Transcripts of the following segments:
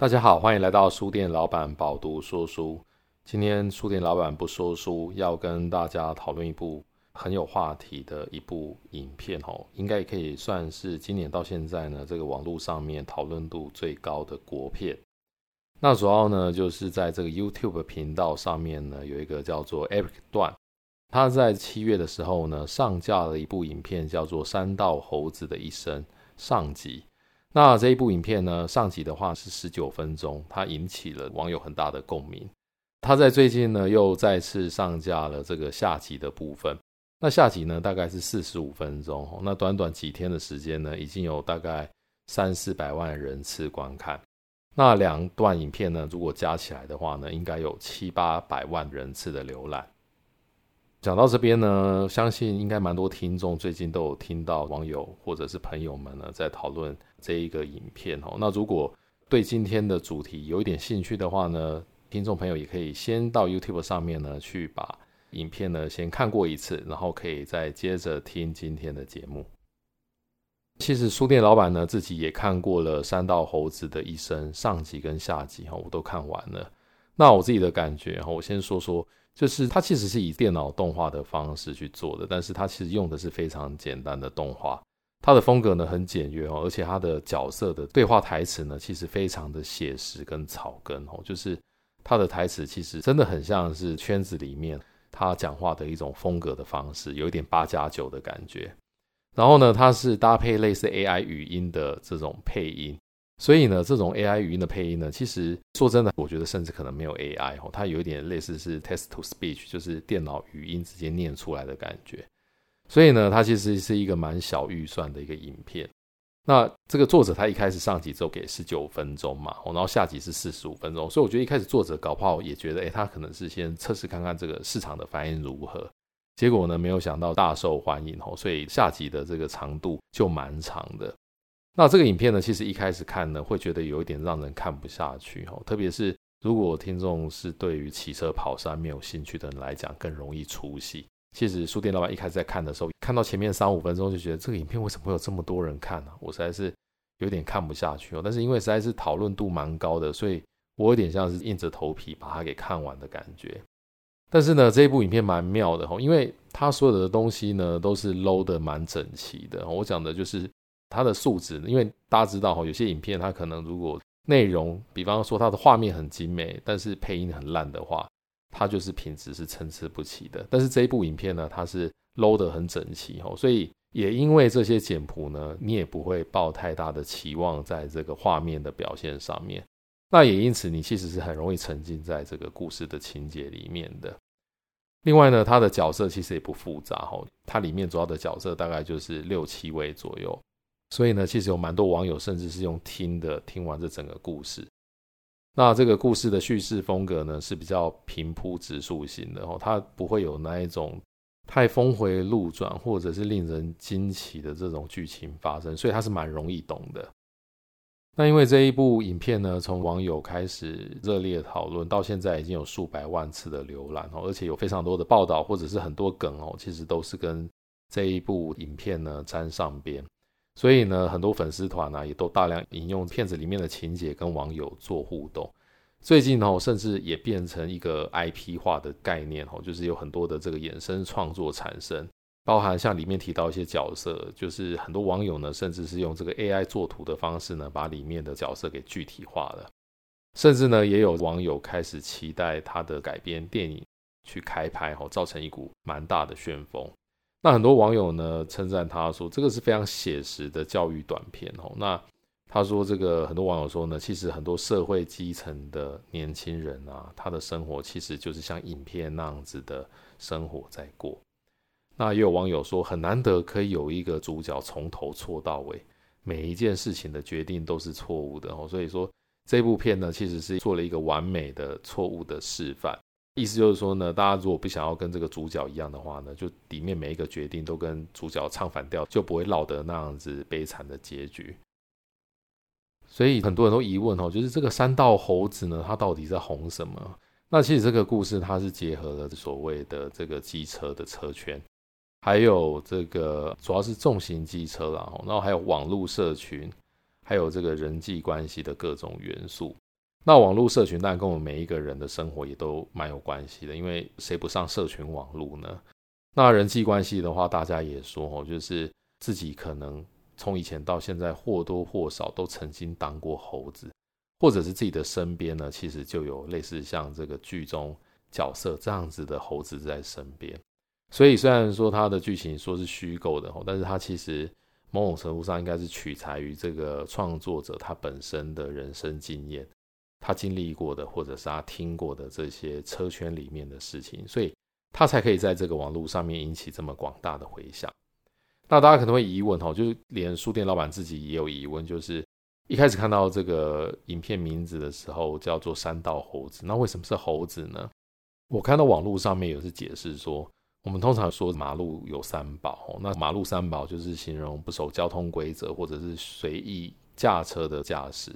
大家好，歡迎來到書店老闆飽讀說書。今天書店老闆不說書，要跟大家討論一部很有話題的一部影片哦，應該也可以算是今年到現在呢，這個網絡上面討論度最高的國片。那主要呢，就是在這個 YouTube 頻道上面呢，有一個叫做 Eric 段，他在七月的時候呢，上架了一部影片，叫做《三道猴子的一生》上集。那這一部影片呢，上集的話是十九分鐘，它引起了網友很大的共鳴。它在最近呢又再次上架了這個下集的部分。那下集呢，大概是四十五分鐘。那短短幾天的時間呢，已經有大概三四百萬人次觀看。那兩段影片呢，如果加起來的話呢，應該有七八百萬人次的瀏覽。講到這邊呢，相信應該蠻多聽眾最近都有聽到網友或者是朋友們呢在討論這一個影片哦，那如果對今天的主題有一點興趣的話呢，聽眾朋友也可以先到 YouTube 上面呢去把影片呢先看過一次，然後可以再接着聽今天的節目。其實書店老闆呢自己也看過了《三道猴子的一生》上集跟下集哈，我都看完了。那我自己的感覺哈，我先說說，就是它其實是以電腦動畫的方式去做的，但是它其實用的是非常簡單的動畫。他的風格呢很簡約哦，而且他的角色的對話台詞呢，其實非常的寫實跟草根哦，就是他的台詞其實真的很像是圈子裡面他講話的一種風格的方式，有一點八加九的感覺。然後呢，它是搭配類似 AI 語音的這種配音，所以呢，這種 AI 語音的配音呢，其實說真的，我覺得甚至可能沒有 AI 哦，它有一點類似是 text-to-speech 就是電腦語音直接念出來的感覺。所以呢，它其實是一個蠻小預算的一個影片。那這個作者他一開始上集就給十九分鐘嘛，然後下集是四十五分鐘。所以我覺得一開始作者搞不好也覺得，誒，他可能是先測試看看這個市場的反應如何。結果呢，沒有想到大受歡迎哦，所以下集的這個長度就蠻長的。那這個影片呢，其實一開始看呢，會覺得有一點讓人看不下去哦，特別是如果聽眾是對於騎車跑山沒有興趣的人來講，更容易出戲。其實書店老闆一開始在看的時候，看到前面三五分鐘就覺得這個影片為什麼會有這麼多人看呢、啊？我實在是有點看不下去哦。但是因為實在是討論度蠻高的，所以我有點像是硬着頭皮把它給看完的感覺。但是呢，這一部影片蠻妙的哦，因為它所有的東西呢都是 low 的蠻整齊的。我講的就是它的素質，因為大家知道哈、哦，有些影片它可能如果內容，比方說它的畫面很精美，但是配音很爛的話。它就是品質是參差不齊的，但是這一部影片呢，它是 low 得很整齊吼，所以也因為這些簡樸呢，你也不會抱太大的期望在這個畫面的表現上面，那也因此你其實是很容易沉浸在這個故事的情節裡面的。另外呢，它的角色其實也不複雜吼，它裡面主要的角色大概就是六七位左右，所以呢，其實有蠻多網友甚至是用聽的聽完這整個故事。那這個故事的敘事風格呢，是比較平鋪直敘型的哦，它不會有那一種太峰迴路轉或者是令人驚奇的這種劇情發生，所以它是蠻容易懂的。那因為這一部影片呢，從網友開始熱烈討論到現在已經有數百萬次的瀏覽哦，而且有非常多的報道或者是很多梗哦，其實都是跟這一部影片呢沾上邊。所以呢，很多粉絲團呢也都大量引用片子裡面的情節跟網友做互動。最近呢，甚至也變成一個 IP 化的概念哦，就是有很多的這個衍生創作產生，包含像裡面提到一些角色，就是很多網友呢，甚至是用這個 AI 做圖的方式呢，把裡面的角色給具體化了。甚至呢，也有網友開始期待他的改編電影去開拍哦，造成一股蠻大的旋風。那很多網友呢稱讚他說，這個是非常寫實的教育短片哦。那他說這個很多網友說呢，其實很多社會基層的年輕人啊，他的生活其實就是像影片那樣子的生活在過。那也有網友說，很難得可以有一個主角從頭錯到尾，每一件事情的決定都是錯誤的哦。所以說這部片呢，其實是做了一個完美的錯誤的示範。意思就是說呢，大家如果不想要跟這個主角一樣的話呢，就裡面每一個決定都跟主角唱反調，就不會落得那樣子悲慘的結局。所以很多人都疑問哦，就是這個山道猴子呢，它到底在紅什麼？那其實這個故事它是結合了所謂的這個機車的車圈，還有這個主要是重型機車啦，然後還有網路社群，還有這個人際關係的各種元素。那網絡社群當然跟我們每一個人的生活也都蠻有關係的，因為誰不上社群網絡呢？那人際關係的話，大家也說哦，就是自己可能從以前到現在或多或少都曾經當過猴子，或者是自己的身邊呢，其實就有類似像這個劇中角色這樣子的猴子在身邊。所以雖然說它的劇情說是虛構的哦，但是它其實某種程度上應該是取材於這個創作者他本身的人生經驗。他經歷過的，或者是他聽過的這些車圈裡面的事情，所以他才可以在這個網絡上面引起這麼廣大的回響。那大家可能會疑問哈、哦，就是連書店老闆自己也有疑問，就是一開始看到這個影片名字的時候，叫做《山道猴子》，那為什麼是猴子呢？我看到網絡上面有是解釋說，我們通常說馬路有三寶，那馬路三寶就是形容不守交通規則或者是隨意駕車的駕駛。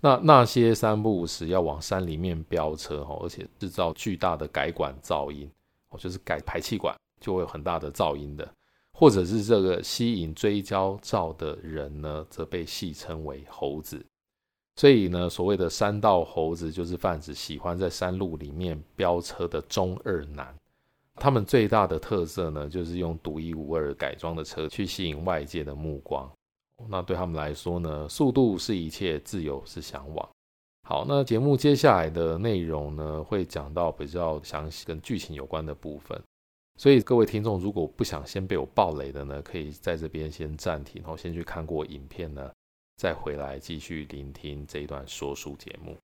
那那些三不五時要往山裡面飆車哈，而且製造巨大的改管噪音，哦，就是改排氣管就會有很大的噪音的，或者是這個吸引追焦照的人呢，則被戲稱為猴子。所以呢，所謂的山道猴子就是泛指喜歡在山路裡面飆車的中二男。他們最大的特色呢，就是用獨一無二改裝的車去吸引外界的目光。那對他們來說呢，速度是一切，自由是嚮往。好，那節目接下來的內容呢，會講到比較詳細跟劇情有關的部分。所以各位聽眾如果不想先被我暴雷的呢，可以在這邊先暫停，然後先去看過影片呢，再回來繼續聆聽這一段說書節目。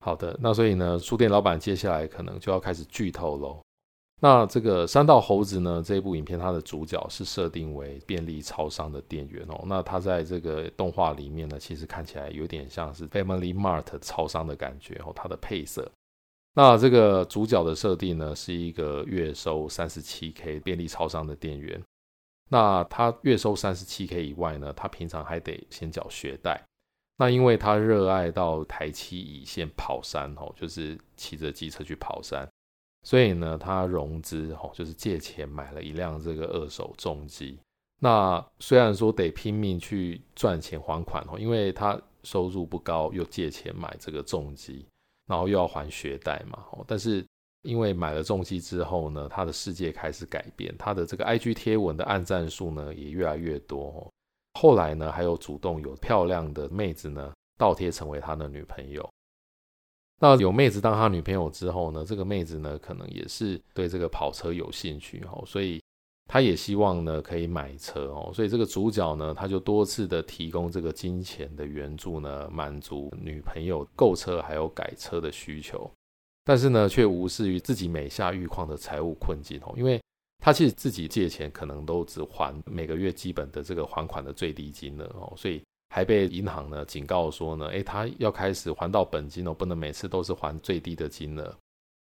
好的，那所以呢，書店老闆接下來可能就要開始劇透嘍。那這個山道猴子呢，這部影片，它的主角是設定為便利超商的店員哦。那他在這個動畫裡面呢，其實看起來有點像是 Family Mart 超商的感覺哦。它的配色，那這個主角的設定呢，是一個月收三十七 K 便利超商的店員。那他月收三十七 K 以外呢，他平常還得先繳學貸。那因為他熱愛到台七乙線跑山哦，就是騎着機車去跑山。所以呢，他融資吼，就是借錢買了一輛這個二手重機。那雖然說得拼命去賺錢還款哦，因為他收入不高，又借錢買這個重機，然後又要還學貸嘛。但是因為買了重機之後呢，他的世界開始改變，他的這個 IG 貼文的按讚數呢也越來越多。後來呢，還有主動有漂亮的妹子呢倒貼成為他的女朋友。那有妹子當他女朋友之後呢，這個妹子呢，可能也是對這個跑車有興趣哦，所以他也希望呢可以買車哦，所以這個主角呢，他就多次的提供這個金錢的援助呢，滿足女朋友購車還有改車的需求，但是呢，卻無視於自己每下愈況的財務困境哦，因為他其實自己借錢可能都只還每個月基本的這個還款的最低金額哦，所以。還被銀行呢警告說呢，欸，他要開始還到本金哦，不能每次都是還最低的金額。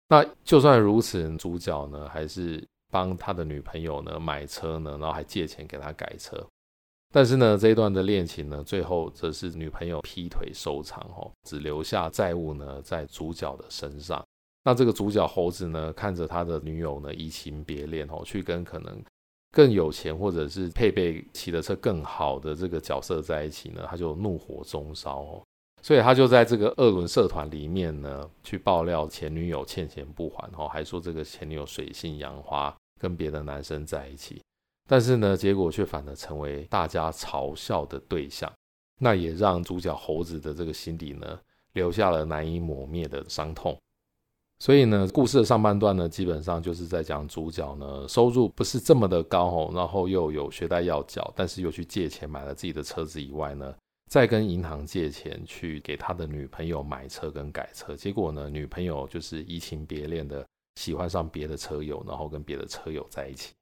那就算如此，主角呢還是幫他的女朋友呢買車呢，然後還借錢給他改車。但是呢，這一段的戀情呢，最後則是女朋友劈腿收場哦，只留下債務呢在主角的身上。那這個主角猴子呢，看着他的女友呢移情別戀哦，去跟可能。更有錢或者是配備騎的車更好的這個角色在一起呢，他就怒火中燒，哦，所以他就在這個二輪社團裡面呢，去爆料前女友欠錢不還，哦，然後還說這個前女友水性楊花，跟別的男生在一起，但是呢，結果卻反而成為大家嘲笑的對象，那也讓主角猴子的這個心裡呢，留下了難以抹滅的傷痛。所以呢，故事的上半段呢，基本上就是在講主角呢，收入不是這麼的高哦，然後又有學貸要繳，但是又去借錢買了自己的車子以外呢，再跟銀行借錢去給他的女朋友買車跟改車，結果呢，女朋友就是移情別戀的喜歡上別的車友，然後跟別的車友在一起。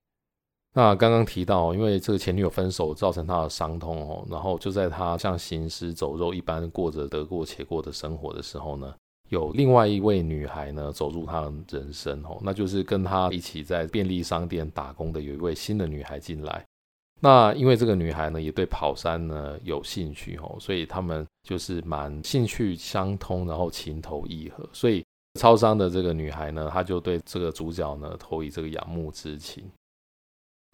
那剛剛提到，因為這個前女友分手造成他的傷痛哦，然後就在他像行屍走肉一般過着得過且過的生活的時候呢。有另外一位女孩呢，走入他的人生哦，那就是跟他一起在便利商店打工的有一位新的女孩進來。那因為這個女孩呢，也對跑山呢有興趣哦，所以他們就是蠻興趣相通，然後情投意合。所以超商的這個女孩呢，她就對這個主角呢，投以這個仰慕之情。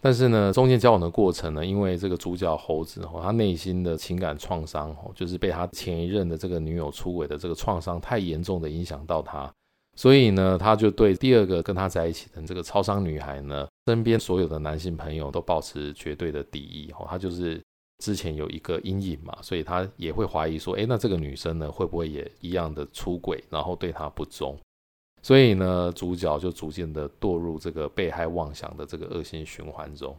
但是呢，中間交往的過程呢，因為這個主角猴子吼，他內心的情感創傷吼，就是被他前一任的這個女友出軌的這個創傷太嚴重的影響到他，所以呢，他就對第二個跟他在一起的這個超商女孩呢，身邊所有的男性朋友都保持絕對的敵意吼，他就是之前有一個陰影嘛，所以他也會懷疑說，哎、欸，那這個女生呢，會不會也一樣的出軌，然後對他不忠？所以呢，主角就逐漸的墮入這個被害妄想的這個惡性循環中。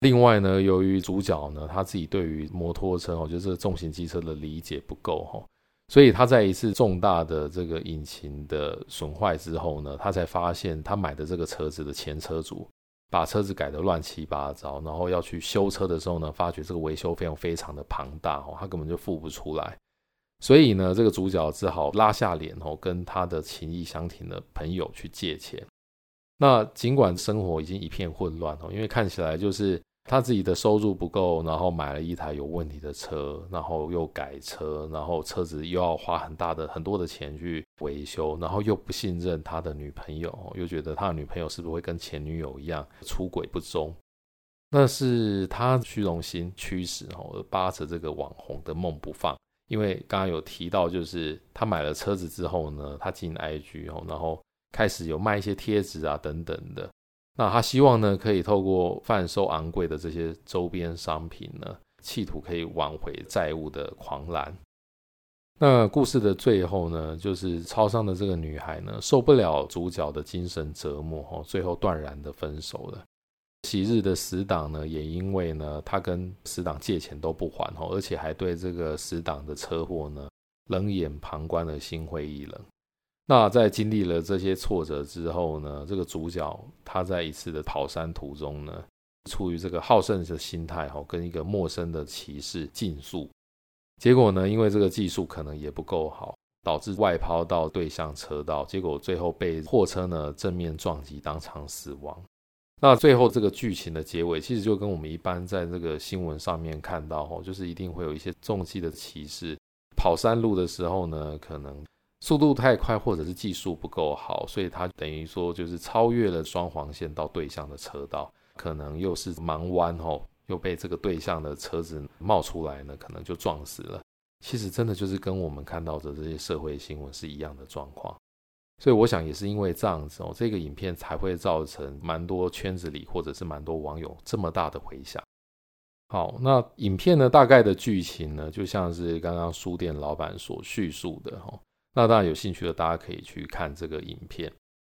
另外呢，由於主角呢，他自己對於摩托車哦，就是重型機車的理解不夠哈，所以他在一次重大的這個引擎的損壞之後呢，他才發現他買的這個車子的前車主把車子改得亂七八糟，然後要去修車的時候呢，發覺這個維修費用非常的龐大哦，他根本就付不出來。所以呢，這個主角只好拉下臉哦，跟他的情義相挺的朋友去借錢。那儘管生活已經一片混亂哦，因為看起來就是他自己的收入不夠，然後買了一台有問題的車，然後又改車，然後車子又要花很大的很多的錢去維修，然後又不信任他的女朋友，又覺得他的女朋友是不是會跟前女友一樣出軌不忠？那是他虛榮心驅使哦，而扒著這個網紅的夢不放。因為剛剛有提到，就是他買了車子之後呢，他進 IG 哦，然後開始有賣一些貼紙啊等等的。那他希望呢，可以透過販售昂貴的這些周邊商品呢，企圖可以挽回債務的狂瀾。那故事的最後呢，就是超商的這個女孩呢，受不了主角的精神折磨，哦，最後斷然的分手了。昔日的死黨呢，也因為呢，他跟死黨借錢都不還吼，而且還對這個死黨的車禍呢冷眼旁觀的心灰意冷。那在經歷了這些挫折之後呢，這個主角他在一次的跑山途中呢，出於這個好勝的心態吼，跟一個陌生的騎士競速，結果呢，因為這個技術可能也不夠好，導致外拋到對向車道，結果最後被貨車呢正面撞擊，當場死亡。那最後這個劇情的結尾，其實就跟我們一般在這個新聞上面看到吼，就是一定會有一些重機的騎士跑山路的時候呢，可能速度太快或者是技術不夠好，所以他等於說就是超越了雙黃線到對向的車道，可能又是盲彎吼，又被這個對向的車子冒出來呢，可能就撞死了。其實真的就是跟我們看到的這些社會新聞是一樣的狀況。所以我想也是因為這樣子，哦，這個影片，才會造成蠻多圈子裡，或者是蠻多網友這麼大的回響。好，那影片呢，大概的劇情呢，就像是剛剛書店老闆所敘述的哈、哦。那當然有興趣的大家可以去看這個影片。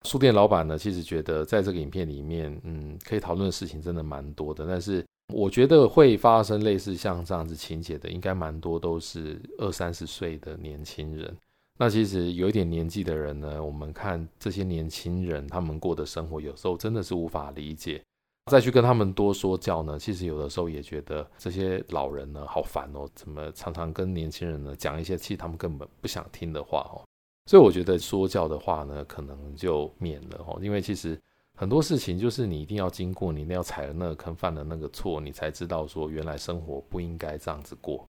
書店老闆呢，其實覺得在這個影片裡面，嗯，可以討論的事情真的蠻多的。但是我覺得會發生類似像這樣子情節的，應該蠻多都是二三十歲的年輕人。那其實有一點年紀的人呢，我們看這些年輕人，他們過的生活有時候真的是無法理解。再去跟他們多說教呢，其實有的時候也覺得這些老人呢好煩哦，怎麼常常跟年輕人呢講一些其實他們根本不想聽的話哦。所以我覺得說教的話呢，可能就免了哦，因為其實很多事情就是你一定要經過，你一定要踩了那個坑，犯了那個錯，你才知道說原來生活不應該這樣子過。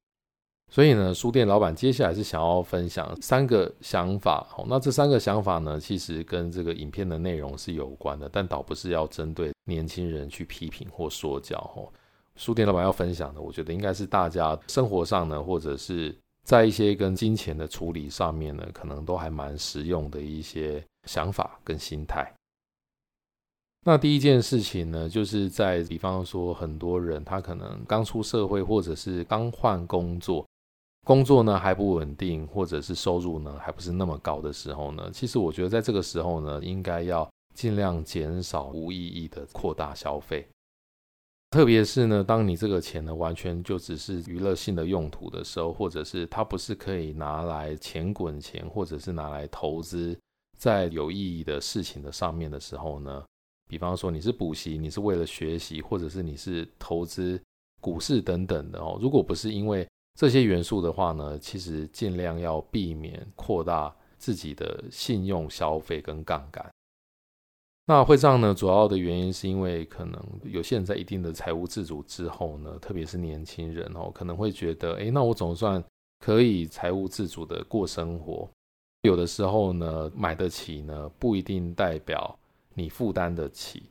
所以呢，書店老闆接下來是想要分享三個想法。那這三個想法呢，其實跟這個影片的內容是有關的，但倒不是要針對年輕人去批評或說教。書店老闆要分享的，我覺得應該是大家生活上呢，或者是在一些跟金錢的處理上面呢，可能都還蠻實用的一些想法跟心態。那第一件事情呢，就是在比方說，很多人他可能剛出社會，或者是剛換工作。工作呢還不穩定，或者是收入呢還不是那麼高的時候呢，其實我覺得在這個時候呢，應該要盡量減少無意義的擴大消費，特別是呢，當你這個錢呢完全就只是娛樂性的用途的時候，或者是它不是可以拿來錢滾錢，或者是拿來投資在有意義的事情的上面的時候呢，比方說你是補習，你是為了學習，或者是你是投資股市等等的哦，如果不是因為這些元素的話呢，其實盡量要避免擴大自己的信用消費跟槓桿。那會這樣呢，主要的原因是因為可能有些人在一定的財務自主之後呢，特別是年輕人哦，可能會覺得，哎、欸，那我總算可以財務自主的過生活。有的時候呢，買得起呢，不一定代表你負擔得起。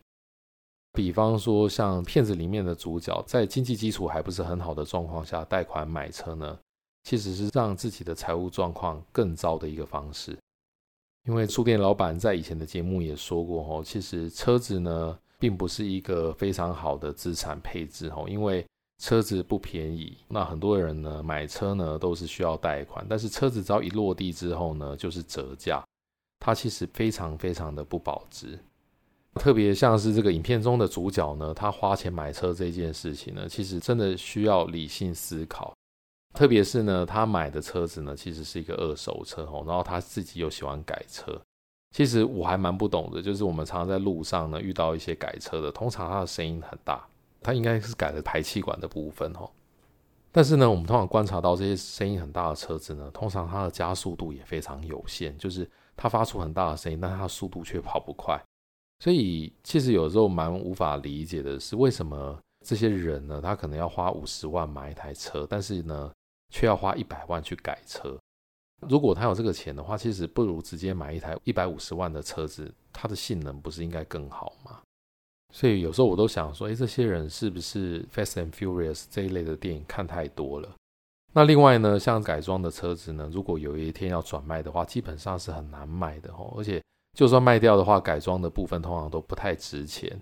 比方說，像片子裡面的主角，在經濟基礎還不是很好的狀況下貸款買車呢，其實是讓自己的財務狀況更糟的一個方式。因為書店老闆在以前的節目也說過，吼，其實車子呢，並不是一個非常好的資產配置，吼，因為車子不便宜。那很多人呢買車呢，都是需要貸款，但是車子只要一落地之後呢，就是折價，它其實非常非常的不保值。特別像是這個影片中的主角呢，他花錢買車這件事情呢，其實真的需要理性思考。特別是呢，他買的車子呢，其實是一個二手車哦，然後他自己又喜歡改車。其實我還蠻不懂的，就是我們常常在路上呢遇到一些改車的，通常它的聲音很大，它應該是改了排氣管的部分哦。但是呢，我們通常觀察到這些聲音很大的車子呢，通常它的加速度也非常有限，就是它發出很大的聲音，但它的速度卻跑不快。所以其實有時候蠻無法理解的是，為什麼這些人呢，他可能要花五十萬買一台車，但是呢，卻要花一百萬去改車。如果他有這個錢的話，其實不如直接買一台一百五十萬的車子，它的性能不是應該更好嗎？所以有時候我都想說，誒、哎，這些人是不是《Fast and Furious》這一類的電影看太多了？那另外呢，像改裝的車子呢，如果有一天要轉賣的話，基本上是很難賣的哦，而且。就算賣掉的話，改裝的部分通常都不太值錢，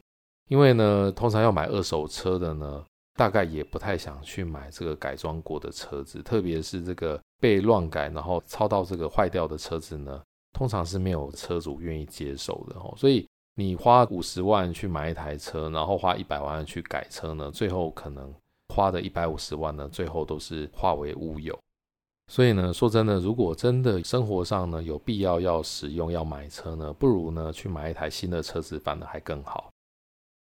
因為呢，通常要買二手車的呢，大概也不太想去買這個改裝過的車子，特別是這個被亂改然後超到這個壞掉的車子呢，通常是沒有車主願意接受的哦。所以你花五十萬去買一台車，然後花一百萬去改車呢，最後可能花的一百五十萬呢，最後都是化為烏有。所以呢，說真的，如果真的生活上呢，有必要要使用要買車呢，不如呢去買一台新的車子，反而還更好。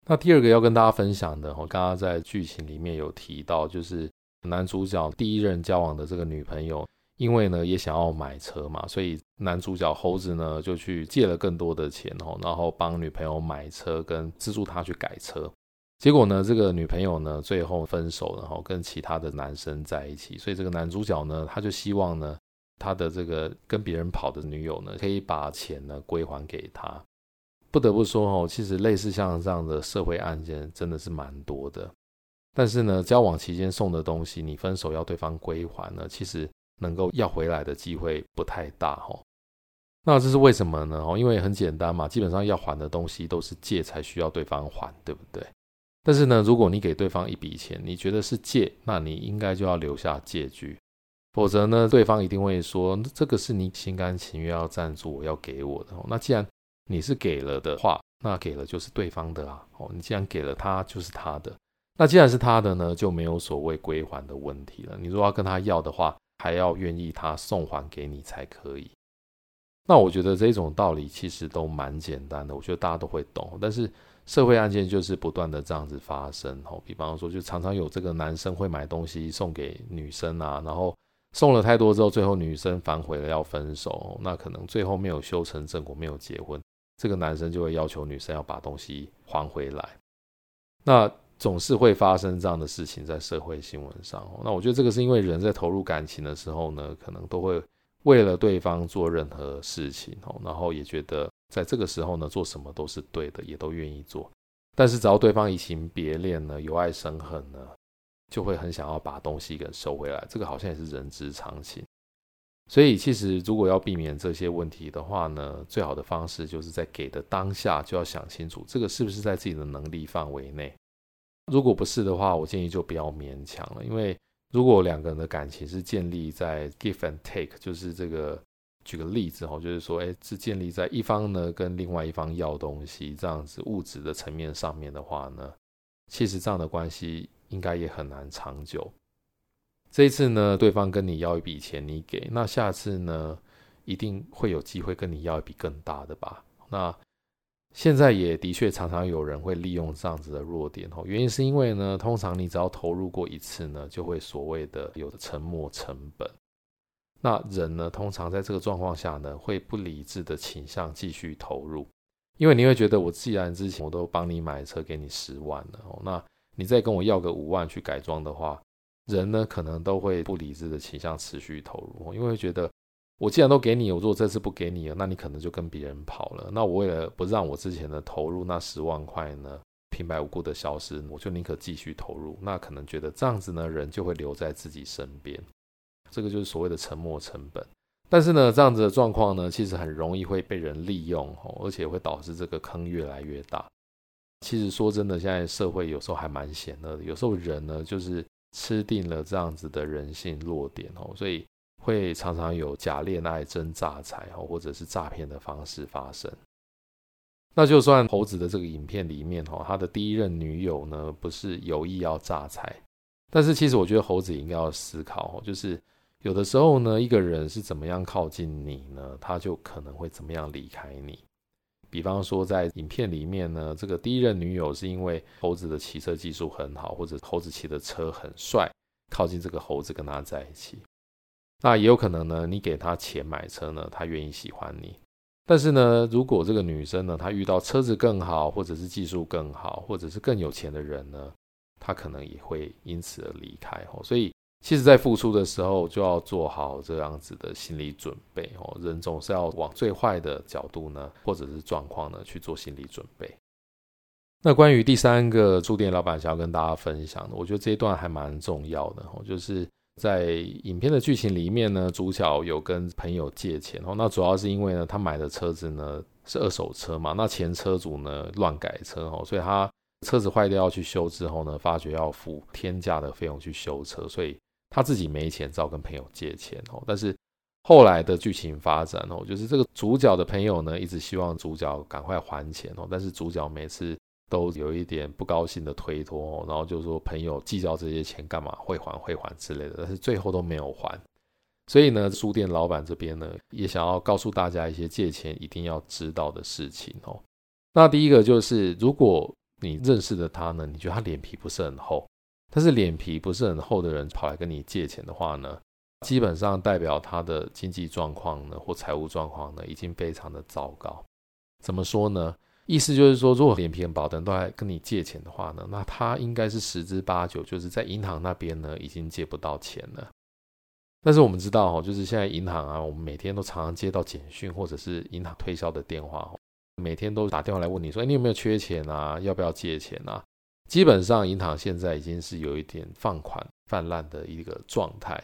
那第二個要跟大家分享的，我剛剛在劇情裡面有提到，就是男主角第一任交往的這個女朋友，因為呢也想要買車嘛，所以男主角猴子呢就去借了更多的錢哦，然後幫女朋友買車跟資助她去改車。結果呢，這個女朋友呢，最後分手了，然後跟其他的男生在一起。所以這個男主角呢，他就希望呢，他的這個跟別人跑的女友呢，可以把錢呢歸還給他。不得不說哦，其實類似像這樣的社會案件真的是蠻多的。但是呢，交往期間送的東西，你分手要對方歸還呢，其實能夠要回來的機會不太大哦。那這是為什麼呢？哦，因為很簡單嘛，基本上要還的東西都是借才需要對方還，對不對？但是呢，如果你給對方一筆錢，你覺得是借，那你應該就要留下借據，否則呢，對方一定會說這個是你心甘情願要贊助我，要給我的。那既然你是給了的話，那給了就是對方的啊。哦，你既然給了他，就是他的。那既然是他的呢，就沒有所謂歸還的問題了。你如果要跟他要的話，還要願意他送還給你才可以。那我覺得這種道理其實都蠻簡單的，我覺得大家都會懂。但是。社會案件就是不斷的這樣子發生哦，比方說，就常常有這個男生會買東西送給女生啊，然後送了太多之後，最後女生反悔了要分手，那可能最後沒有修成正果，沒有結婚，這個男生就會要求女生要把東西還回來，那總是會發生這樣的事情在社會新聞上哦。那我覺得這個是因為人在投入感情的時候呢，可能都會為了對方做任何事情哦，然後也覺得。在這個時候呢，做什麼都是對的，也都願意做。但是，只要對方移情別戀呢，由愛生恨呢，就會很想要把東西給收回來。這個好像也是人之常情。所以，其實如果要避免這些問題的話呢，最好的方式就是在給的當下就要想清楚，這個是不是在自己的能力範圍內。如果不是的話，我建議就不要勉強了。因為如果兩個人的感情是建立在 give and take，就是這個。舉個例子哈，就是說，哎、欸，是建立在一方呢跟另外一方要東西這樣子物質的層面上面的話呢，其實這樣的關係應該也很難長久。這一次呢，對方跟你要一筆錢，你給，那下次呢，一定會有機會跟你要一筆更大的吧？那現在也的確常常有人會利用這樣子的弱點哦，原因是因為呢，通常你只要投入過一次呢，就會所謂的有的沉沒成本。那人呢，通常在這個狀況下呢，會不理智的傾向繼續投入，因為你會覺得，我既然之前我都幫你買車給你十萬了，那你再跟我要個五萬去改裝的話，人呢可能都會不理智的傾向持續投入，因為會覺得，我既然都給你，我如果這次不給你了，那你可能就跟別人跑了，那我為了不讓我之前的投入那十萬塊呢，平白無故的消失，我就寧可繼續投入，那可能覺得這樣子呢，人就會留在自己身邊。這個就是所謂的沉沒成本，但是呢，這樣子的狀況呢，其實很容易會被人利用哦，而且會導致這個坑越來越大。其實說真的，現在社會有時候還蠻險惡的，有時候人呢，就是吃定了這樣子的人性弱點哦，所以會常常有假戀愛、真詐財哦，或者是詐騙的方式發生。那就算猴子的這個影片裡面哦，他的第一任女友呢，不是有意要詐財，但是其實我覺得猴子應該要思考哦，就是。有的時候呢，一個人是怎麼樣靠近你呢？他就可能會怎麼樣離開你。比方說，在影片裡面呢，這個第一任女友是因為猴子的騎車技術很好，或者猴子騎的車很帥，靠近這個猴子跟他在一起。那也有可能呢，你給他錢買車呢，他願意喜歡你。但是呢，如果這個女生呢，她遇到車子更好，或者是技術更好，或者是更有錢的人呢，她可能也會因此而離開。哦，所以。其實，在付出的時候，就要做好這樣子的心理準備哦。人總是要往最壞的角度呢，或者是狀況呢，去做心理準備。那關於第三個書店老闆想要跟大家分享的，我覺得這一段還蠻重要的。就是在影片的劇情裡面呢，主角有跟朋友借錢哦。那主要是因為呢，他買的車子呢是二手車嘛，那前車主呢亂改車，所以他車子壞掉要去修之後呢，發覺要付天價的費用去修車，所以。他自己沒錢，只好跟朋友借錢哦。但是後來的劇情發展哦，就是這個主角的朋友呢，一直希望主角趕快還錢哦。但是主角每次都有一點不高興的推脫，然後就說朋友計較這些錢幹嘛？會還會還之類的，但是最後都沒有還。所以呢，書店老闆這邊呢，也想要告訴大家一些借錢一定要知道的事情哦。那第一個就是，如果你認識的他呢，你覺得他臉皮不是很厚？但是臉皮不是很厚的人跑來跟你借錢的話呢，基本上代表他的經濟狀況呢或財務狀況呢已經非常的糟糕。怎麼說呢？意思就是說，如果臉皮很薄的人都來跟你借錢的話呢，那他應該是十之八九就是在銀行那邊呢已經借不到錢了。但是我們知道哈，就是現在銀行啊，我們每天都常常接到簡訊或者是銀行推銷的電話，每天都打電話來問你說，哎，你有沒有缺錢啊？要不要借錢啊？基本上，銀行現在已經是有一點放款泛濫的一個狀態。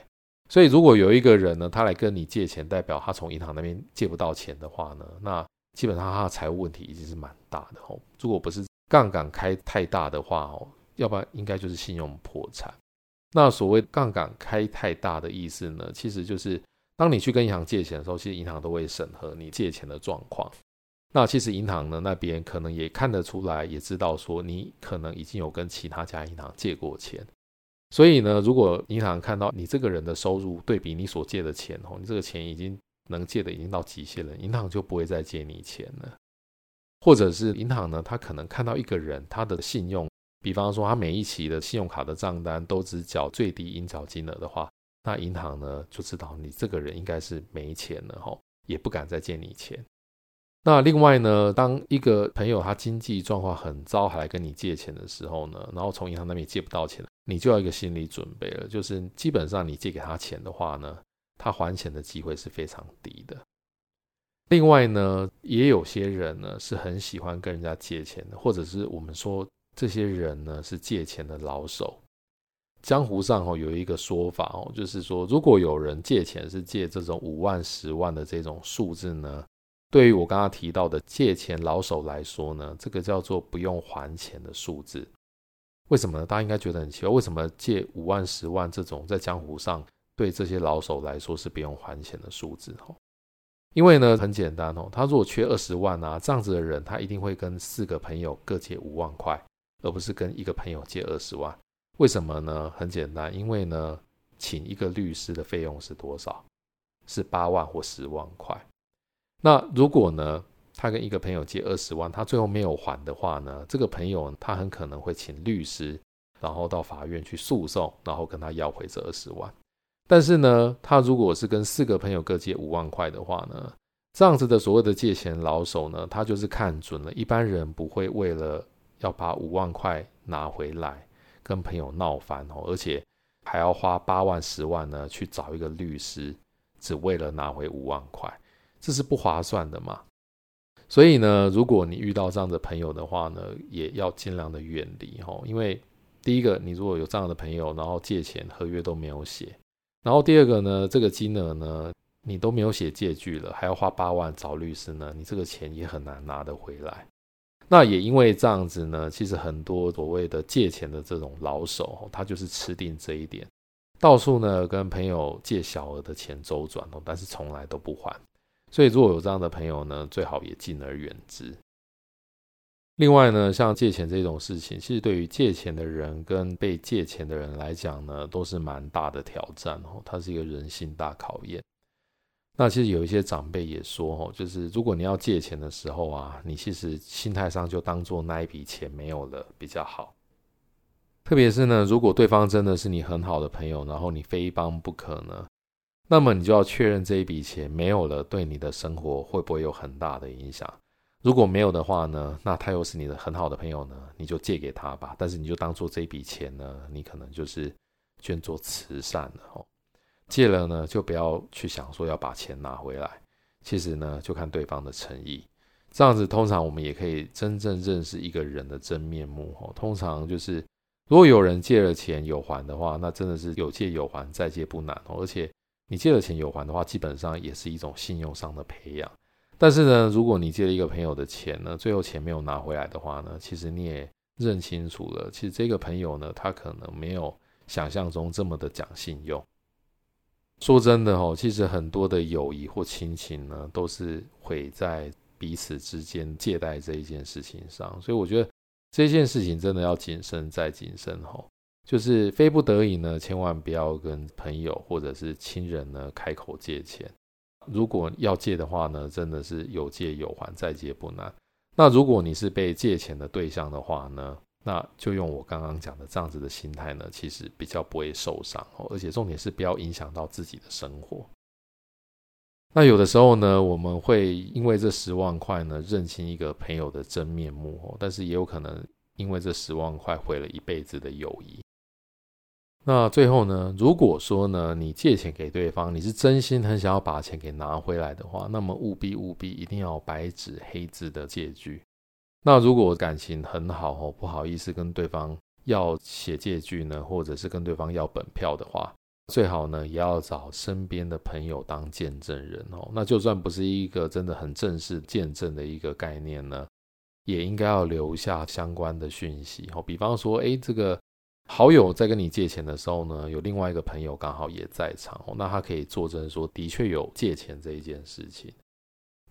所以，如果有一個人呢，他來跟你借錢，代表他從銀行那邊借不到錢的話呢，那基本上他的財務問題已經是蠻大的吼、哦。如果不是槓桿開太大的話、哦，要不然應該就是信用破產。那所謂槓桿開太大的意思呢，其實就是當你去跟銀行借錢的時候，其實銀行都會審核你借錢的狀況。那其實銀行呢那邊可能也看得出來，也知道說你可能已經有跟其他家銀行借過錢，所以呢，如果銀行看到你這個人的收入對比你所借的錢哦，你這個錢已經能借的已經到極限了，銀行就不會再借你錢了。或者是銀行呢，他可能看到一個人他的信用，比方說他每一期的信用卡的賬單都只繳最低應繳金額的話，那銀行呢就知道你這個人應該是沒錢了哈，也不敢再借你錢。那另外呢，當一個朋友他經濟狀況很糟，還來跟你借錢的時候呢，然後從銀行那邊借不到錢，你就要一個心理準備了，就是基本上你借給他錢的話呢，他還錢的機會是非常低的。另外呢，也有些人呢是很喜歡跟人家借錢的，或者是我們說這些人呢是借錢的老手。江湖上哦有一個說法哦，就是說如果有人借錢是借這種五萬、十萬的這種數字呢。對於我剛剛提到的借錢老手來說呢，這個叫做不用還錢的數字。為什麼呢？大家應該覺得很奇怪，為什麼借五萬、十萬這種在江湖上對這些老手來說是不用還錢的數字？哈，因為呢，很簡單哦，他如果缺二十萬啊，這樣子的人他一定會跟四個朋友各借五萬塊，而不是跟一個朋友借二十萬。為什麼呢？很簡單，因為呢，請一個律師的費用是多少？是八萬或十萬塊。那如果呢，他跟一個朋友借二十萬，他最後沒有還的話呢，這個朋友他很可能會請律師，然後到法院去訴訟，然後跟他要回這二十萬。但是呢，他如果是跟四個朋友各借五萬塊的話呢，這樣子的所謂的借錢老手呢，他就是看準了，一般人不會為了要把五萬塊拿回來跟朋友鬧翻哦，而且還要花八萬十萬呢，去找一個律師，只為了拿回五萬塊。這是不划算的嘛？所以呢，如果你遇到這樣的朋友的話呢，也要盡量的遠離哦。因為第一個，你如果有這樣的朋友，然後借錢合約都沒有寫；然後第二個呢，這個金額呢，你都沒有寫借據了，還要花八萬找律師呢，你這個錢也很難拿得回來。那也因為這樣子呢，其實很多所謂的借錢的這種老手，他就是吃定這一點，到處呢跟朋友借小額的錢周轉哦，但是從來都不還。所以，如果有這樣的朋友呢，最好也敬而遠之。另外呢，像借錢這種事情，其實對於借錢的人跟被借錢的人來講呢，都是蠻大的挑戰哦。它是一個人性大考驗。那其實有一些長輩也說哦，就是如果你要借錢的時候啊，你其實心態上就當做那一筆錢沒有了比較好。特別是呢，如果對方真的是你很好的朋友，然後你非幫不可呢。那麼你就要確認這一筆錢沒有了，對你的生活會不會有很大的影響？如果沒有的話呢，那他又是你的很好的朋友呢，你就借給他吧。但是你就當做這筆錢呢，你可能就是捐做慈善了哦。借了呢，就不要去想說要把錢拿回來。其實呢，就看對方的誠意。這樣子通常我們也可以真正認識一個人的真面目哦。通常就是如果有人借了錢有還的話，那真的是有借有還，再借不難。而且你借了錢有還的話，基本上也是一種信用上的培養。但是呢，如果你借了一個朋友的錢呢，最後錢沒有拿回來的話呢，其實你也認清楚了，其實這個朋友呢，他可能沒有想象中這麼的講信用。說真的哦，其實很多的友誼或親情呢，都是毀在彼此之間借貸這一件事情上。所以我覺得這件事情真的要謹慎再謹慎哦。就是非不得已呢，千萬不要跟朋友或者是親人呢開口借錢。如果要借的話呢，真的是有借有還，再借不難。那如果你是被借錢的對象的話呢，那就用我剛剛講的這樣子的心態呢，其實比較不會受傷哦。而且重點是不要影響到自己的生活。那有的時候呢，我們會因為這十萬塊呢認清一個朋友的真面目哦，但是也有可能因為這十萬塊毀了一輩子的友誼。那最後呢，如果說呢，你借錢給對方，你是真心很想要把錢給拿回來的話，那麼務必務必一定要白紙黑字的借據。那如果感情很好哦，不好意思跟對方要寫借據呢，或者是跟對方要本票的話，最好呢也要找身邊的朋友當見證人哦。那就算不是一個真的很正式見證的一個概念呢，也應該要留下相關的訊息哦，比方說，哎，這個。好友在跟你借錢的時候呢，有另外一個朋友剛好也在場，那他可以作證說的確有借錢這一件事情，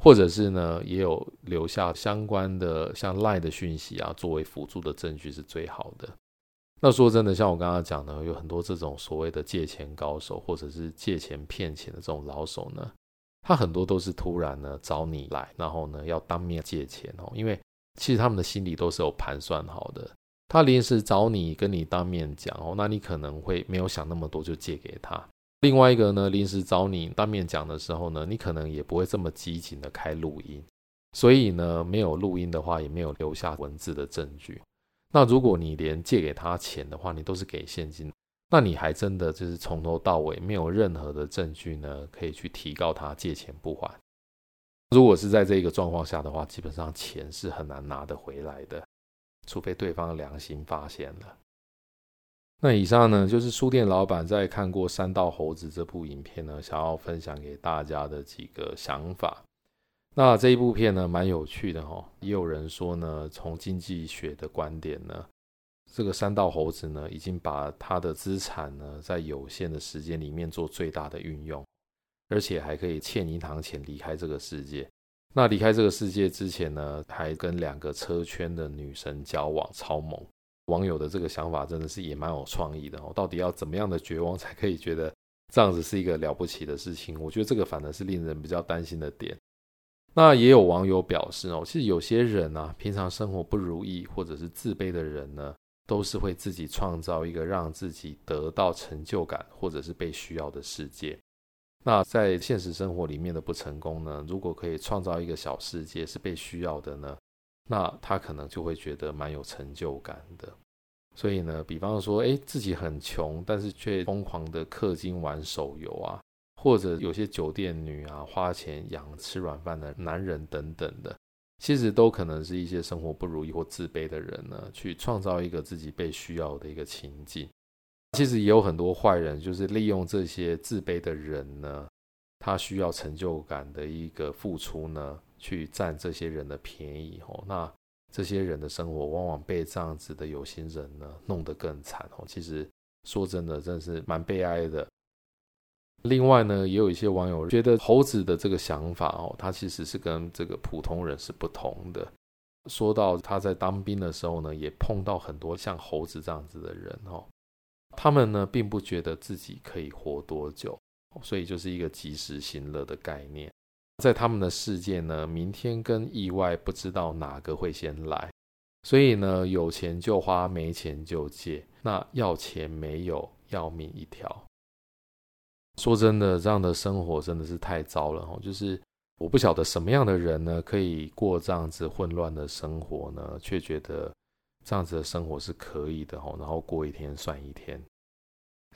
或者是呢，也有留下相關的像賴的訊息啊，作為輔助的證據是最好的。那說真的，像我剛剛講的，有很多這種所謂的借錢高手，或者是借錢騙錢的這種老手呢，他很多都是突然呢找你來，然後呢要當面借錢哦，因為其實他們的心裡都是有盤算好的。他臨時找你跟你當面講哦，那你可能會沒有想那麼多就借給他。另外一個呢，臨時找你當面講的時候呢，你可能也不會這麼激情的開錄音，所以呢，沒有錄音的話，也沒有留下文字的證據。那如果你連借給他錢的話，你都是給現金，那你還真的就是從頭到尾沒有任何的證據呢，可以去提告他借錢不還。如果是在這個狀況下的話，基本上錢是很難拿得回來的。除非對方良心發現了。那以上呢，就是書店老板在看過《山道猴子》這部影片呢，想要分享給大家的幾個想法。那這一部片呢，蠻有趣的哈、哦。也有人說呢，從經濟學的觀點呢，這個山道猴子呢，已經把他的資產呢，在有限的時間裡面做最大的運用，而且還可以欠銀行錢離開這個世界。那離開這個世界之前呢，還跟兩個車圈的女神交往，超猛。網友的這個想法真的是也蠻有創意的哦。到底要怎麼樣的絕望才可以覺得這樣子是一個了不起的事情？我覺得這個反而是令人比較擔心的點。那也有網友表示哦，其實有些人啊，平常生活不如意或者是自卑的人呢，都是會自己創造一個讓自己得到成就感或者是被需要的世界。那在現實生活裡面的不成功呢？如果可以創造一個小世界是被需要的呢，那他可能就會覺得蠻有成就感的。所以呢，比方說，誒、欸、自己很窮，但是卻瘋狂的氪金玩手遊啊，或者有些酒店女啊，花錢養吃軟飯的男人等等的，其實都可能是一些生活不如意或自卑的人呢，去創造一個自己被需要的一個情境。其實也有很多壞人，就是利用這些自卑的人呢，他需要成就感的一個付出呢，去占這些人的便宜哦。那這些人的生活往往被這樣子的有心人呢弄得更慘哦。其實說真的，真是蠻悲哀的。另外呢，也有一些網友覺得猴子的這個想法哦，他其實是跟這個普通人是不同的。說到他在當兵的時候呢，也碰到很多像猴子這樣子的人哦。他們呢，並不覺得自己可以活多久，所以就是一個及時行樂的概念。在他們的世界呢，明天跟意外不知道哪個會先來，所以呢，有錢就花，沒錢就借。那要錢沒有，要命一條。說真的，這樣的生活真的是太糟了哦。就是我不曉得什麼樣的人呢，可以過這樣子混亂的生活呢，卻覺得這樣子的生活是可以的哦。然後過一天算一天。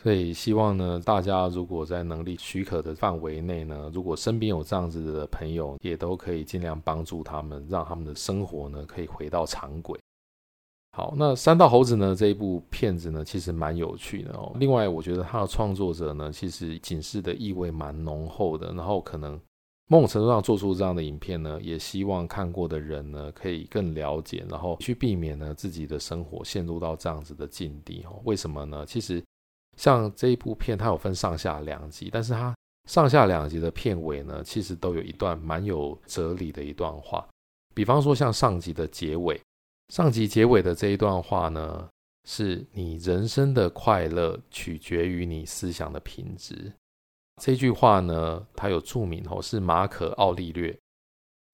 所以希望呢，大家如果在能力許可的範圍內呢，如果身邊有這樣子的朋友，也都可以盡量幫助他們，讓他們的生活呢，可以回到常軌。好，那山道猴子呢，這一部片子呢，其實蠻有趣的哦。另外，我覺得他的創作者呢，其實警示的意味蠻濃厚的。然後，可能某種程度上做出這樣的影片呢，也希望看過的人呢，可以更了解，然後去避免呢自己的生活陷入到這樣子的境地哦。為什麼呢？其實。像這一部片，它有分上下兩集，但是它上下兩集的片尾呢，其實都有一段蠻有哲理的一段話。比方說，像上集的結尾，上集結尾的這一段話呢，是你人生的快樂取決於你思想的品質。這句話呢，它有注明哦，是馬可·奧理略。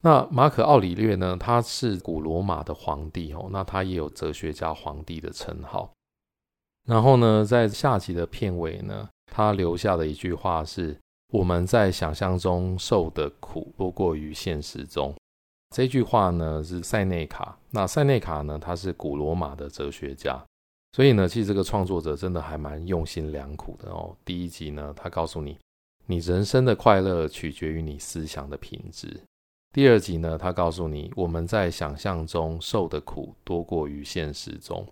那馬可·奧理略呢，他是古羅馬的皇帝哦，那他也有哲學家皇帝的稱號。然後呢，在下集的片尾呢，他留下的一句話是：“我們在想象中受的苦多過於現實中。”這句話呢是塞內卡。那塞內卡呢，他是古羅馬的哲學家。所以呢，其實這個創作者真的還蠻用心良苦的哦。第一集呢，他告訴你，你人生的快樂取決於你思想的品質。第二集呢，他告訴你，我們在想象中受的苦多過於現實中。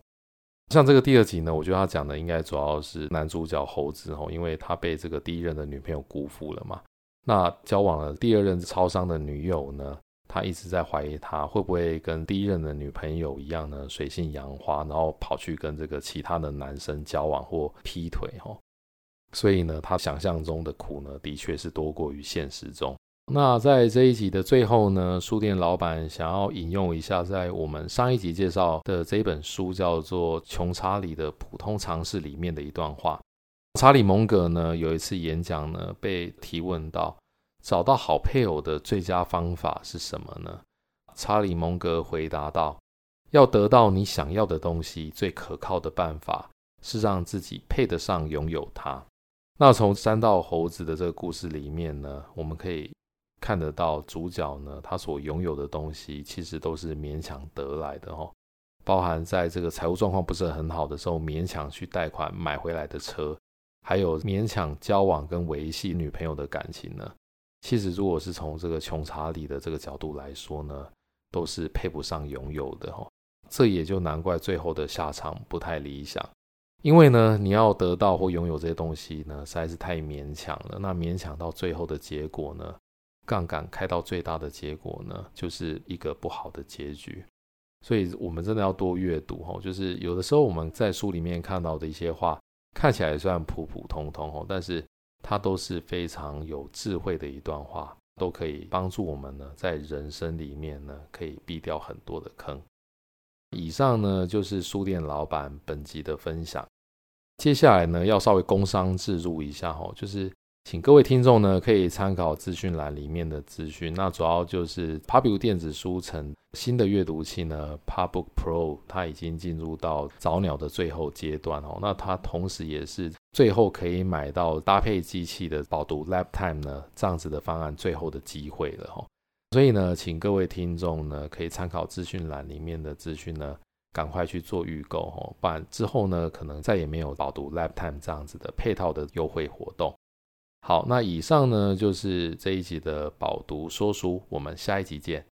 像這個第二集呢，我覺得他講的應該主要是男主角猴子吼，因為他被這個第一任的女朋友辜負了嘛。那交往了第二任超商的女友呢，他一直在懷疑他會不會跟第一任的女朋友一樣呢，水性楊花，然後跑去跟這個其他的男生交往或劈腿吼。所以呢，他想象中的苦呢，的確是多過於現實中。那在這一集的最後呢，書店老闆想要引用一下，在我們上一集介紹的這一本書叫做《窮查理的普通常識》裡面的一段話。查理蒙格呢有一次演講呢被提問到，找到好配偶的最佳方法是什麼呢？查理蒙格回答道：“要得到你想要的東西，最可靠的辦法是讓自己配得上擁有它。”那從山道猴子的這個故事裡面呢，我們可以。看得到主角呢，他所擁有的東西其實都是勉強得來的哦，包含在這個財務狀況不是很好的時候，勉強去貸款買回來的車，還有勉強交往跟維繫女朋友的感情呢。其實如果是從這個窮查理的這個角度來說呢，都是配不上擁有的哦，這也就難怪最後的下場不太理想，因為呢，你要得到或擁有這些東西呢，實在是太勉強了。那勉強到最後的結果呢？槓桿開到最大的結果呢，就是一個不好的結局。所以，我們真的要多閱讀哈，就是有的時候我們在書裡面看到的一些話，看起來算普普通通哦，但是它都是非常有智慧的一段話，都可以幫助我們呢，在人生裡面呢，可以避掉很多的坑。以上呢，就是書店老闆本集的分享。接下來呢，要稍微工商置入一下哈，就是。請各位聽眾呢，可以參考資訊欄裡面的資訊。那主要就是 Pubu 電子書城新的閱讀器呢，Pubook Pro，它已經進入到早鳥的最後階段，那它同時也是最後可以買到搭配機器的飽讀 Lifetime 呢，這樣子的方案最後的機會了哈。所以呢，請各位聽眾呢，可以參考資訊欄裡面的資訊呢，趕快去做預購哦。不然之後呢，可能再也沒有飽讀 Lifetime 這樣子的配套的優惠活動。好，那以上呢，就是這一集的飽讀說書，我們下一集見。